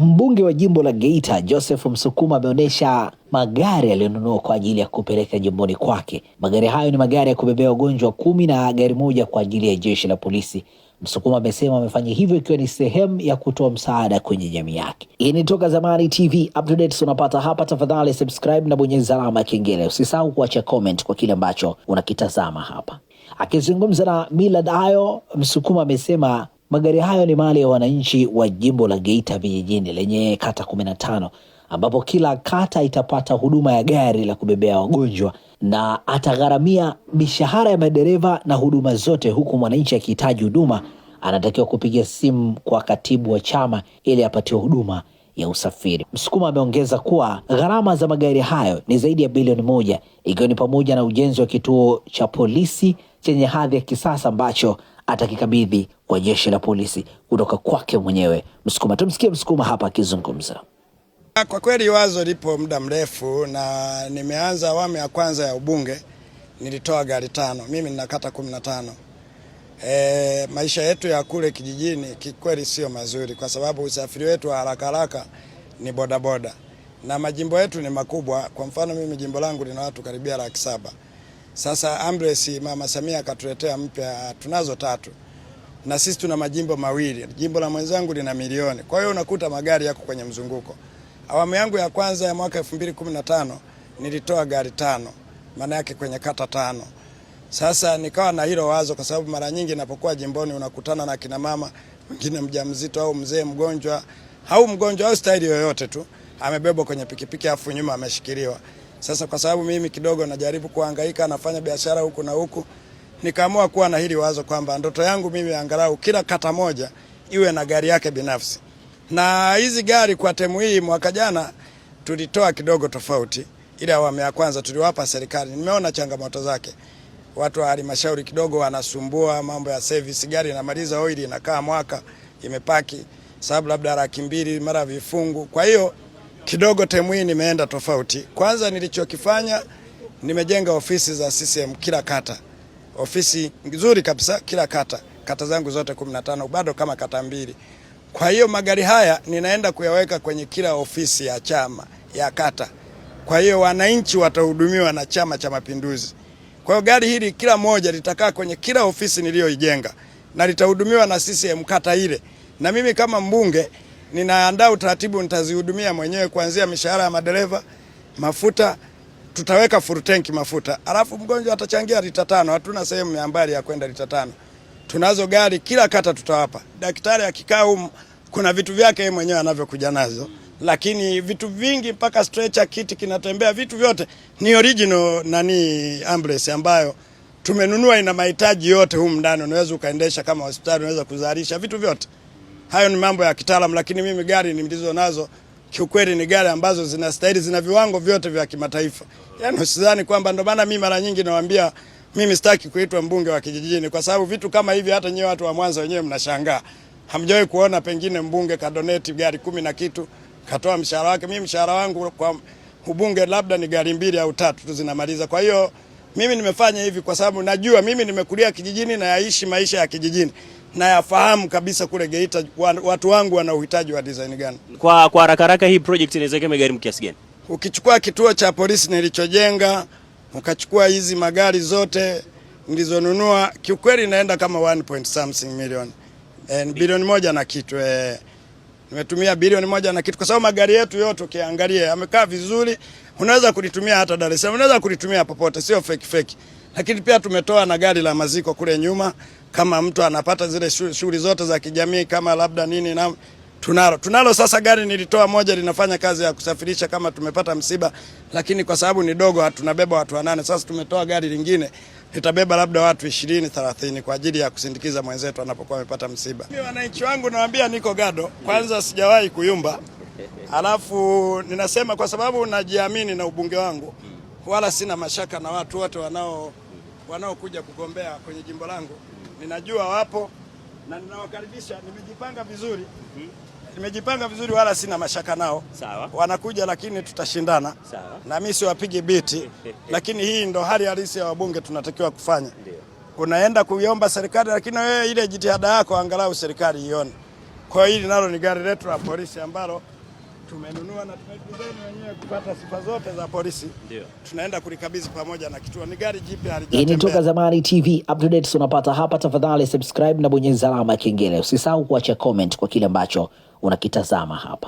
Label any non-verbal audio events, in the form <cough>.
Mbunge wa jimbo la Geita Joseph Msukuma ameonyesha magari aliyonunua kwa ajili ya kupeleka jimboni kwake. Magari hayo ni magari ya kubebea wagonjwa kumi na gari moja kwa ajili ya jeshi la polisi. Msukuma amesema amefanya hivyo ikiwa ni sehemu ya kutoa msaada kwenye jamii yake. Hii ni Toka Zamani TV, updates unapata hapa. Tafadhali subscribe na bonyeza alama ya kengele. Usisahau kuacha comment kwa kile ambacho unakitazama hapa. Akizungumza na Millard Ayo, Msukuma amesema Magari hayo ni mali ya wananchi wa jimbo la Geita vijijini lenye kata kumi na tano ambapo kila kata itapata huduma ya gari la kubebea wagonjwa na atagharamia mishahara ya madereva na huduma zote, huku mwananchi akihitaji huduma anatakiwa kupiga simu kwa katibu wa chama ili apatiwe huduma ya usafiri. Msukuma ameongeza kuwa gharama za magari hayo ni zaidi ya bilioni moja ikiwa ni pamoja na ujenzi wa kituo cha polisi chenye hadhi ya kisasa ambacho atakikabidhi kwa jeshi la polisi kutoka kwake mwenyewe Msukuma. Tumsikie Msukuma hapa akizungumza. Kwa kweli wazo lipo muda mrefu, na nimeanza awamu ya kwanza ya ubunge nilitoa gari tano, mimi ninakata kumi na tano. E, maisha yetu ya kule kijijini kikweli sio mazuri, kwa sababu usafiri wetu wa haraka haraka ni bodaboda na majimbo yetu ni makubwa. Kwa mfano mimi jimbo langu lina watu karibia laki saba. Sasa ambulensi Mama Samia akatuletea mpya, tunazo tatu na sisi tuna majimbo mawili, jimbo la mwenzangu lina milioni. Kwa hiyo unakuta magari yako kwenye mzunguko. Awamu yangu ya kwanza ya mwaka 2015 nilitoa gari tano, maana yake kwenye kata tano. Sasa nikawa na hilo wazo, kwa sababu mara nyingi napokuwa jimboni unakutana na kina mama mwingine mjamzito au mzee mgonjwa au mgonjwa au staili yoyote tu, amebebwa kwenye pikipiki afu nyuma ameshikiliwa sasa kwa sababu mimi kidogo najaribu kuhangaika, nafanya biashara huku na huku, nikaamua kuwa na hili wazo kwamba ndoto yangu mimi angalau kila kata moja iwe na gari yake binafsi. Na hizi gari kwa temu hii mwaka jana tulitoa kidogo tofauti, ile awamu ya kwanza tuliwapa serikali. Nimeona changamoto zake, watu wa halmashauri kidogo wanasumbua mambo ya service, gari inamaliza oil inakaa mwaka imepaki, sababu labda laki mbili mara vifungu, kwa hiyo Kidogo temu hii nimeenda tofauti. Kwanza nilichokifanya nimejenga ofisi za CCM kila kata, ofisi nzuri kabisa kila kata, kata zangu zote 15 bado kama kata mbili. Kwa hiyo magari haya ninaenda kuyaweka kwenye kila ofisi ya chama ya kata, kwa hiyo wananchi watahudumiwa na Chama cha Mapinduzi. Kwa hiyo gari hili kila moja litakaa kwenye kila ofisi niliyoijenga na litahudumiwa na CCM kata ile, na mimi kama mbunge ninaandaa utaratibu, nitazihudumia mwenyewe kuanzia mishahara ya madereva, mafuta tutaweka full tank mafuta, alafu mgonjwa atachangia lita tano. Hatuna sehemu ya mbali ya kwenda lita tano, tunazo gari kila kata tutawapa. Daktari akikaa huko, kuna vitu vyake yeye mwenyewe anavyokuja nazo, lakini vitu vingi mpaka stretcher, kiti kinatembea, vitu vyote ni original nani ambulance ambayo tumenunua, ina mahitaji yote humu ndani. Unaweza ukaendesha kama hospitali, unaweza kuzalisha vitu vyote. Hayo ni mambo ya kitaalamu, lakini mimi gari nilizo nazo kiukweli ni gari ambazo zinastahili, zina viwango vyote vya kimataifa. Yaani usidhani kwamba, ndio maana mimi mara nyingi nawaambia mimi sitaki kuitwa mbunge wa kijijini, kwa sababu vitu kama hivi hata nyewe watu wa Mwanza wenyewe mnashangaa, hamjawahi kuona pengine mbunge kadoneti gari kumi na kitu katoa mshahara wake. Mimi mshahara wangu kwa ubunge labda ni gari mbili au tatu tu zinamaliza. Kwa hiyo mimi nimefanya hivi kwa sababu najua mimi nimekulia kijijini na yaishi maisha ya kijijini nayafahamu kabisa kule Geita watu wangu wana uhitaji wa design gani. Kwa kwa haraka haraka, hii project inaweza kama gari kiasi gani? Ukichukua kituo cha polisi nilichojenga, ukachukua hizi magari zote nilizonunua, kiukweli inaenda kama 1 point something million bilioni moja na kitu eh. Nimetumia bilioni moja na kitu, kwa sababu magari yetu yote ukiangalia yamekaa vizuri, unaweza kulitumia hata Dar es Salaam, unaweza kulitumia popote, sio fake fake. Lakini pia tumetoa na gari la maziko kule nyuma, kama mtu anapata zile shughuli zote za kijamii kama labda nini na tunalo tunalo. Sasa gari nilitoa moja linafanya kazi ya kusafirisha kama tumepata msiba, lakini kwa sababu ni dogo, tunabeba watu wanane. Sasa tumetoa gari lingine itabeba labda watu 20 30 kwa ajili ya kusindikiza mwenzetu anapokuwa amepata msiba. Mimi wananchi wangu nawaambia, niko gado kwanza, sijawahi kuyumba, alafu ninasema kwa sababu najiamini na ubunge wangu, wala sina mashaka na watu wote wanao wanaokuja kugombea kwenye jimbo langu. Ninajua wapo na ninawakaribisha, nimejipanga vizuri nimejipanga vizuri, wala sina mashaka nao. Sawa. Wanakuja lakini tutashindana. Sawa. Na mimi siwapige biti <laughs> lakini hii ndo hali halisi ya wabunge tunatakiwa kufanya. Ndio. Unaenda kuiomba serikali lakini wewe ile jitihada yako angalau serikali ione. Kwa hiyo hili nalo ni gari letu la polisi ambalo tumenunua na tumepizeni wenyewe kupata sifa zote za polisi, ndio tunaenda kulikabidhi pamoja na kituo. Ni gari jipya halijatembea. Hii ni Toka Zamani TV updates unapata hapa. Tafadhali subscribe na bonyeza alama ya kengele. Usisahau kuacha comment kwa kile ambacho unakitazama hapa.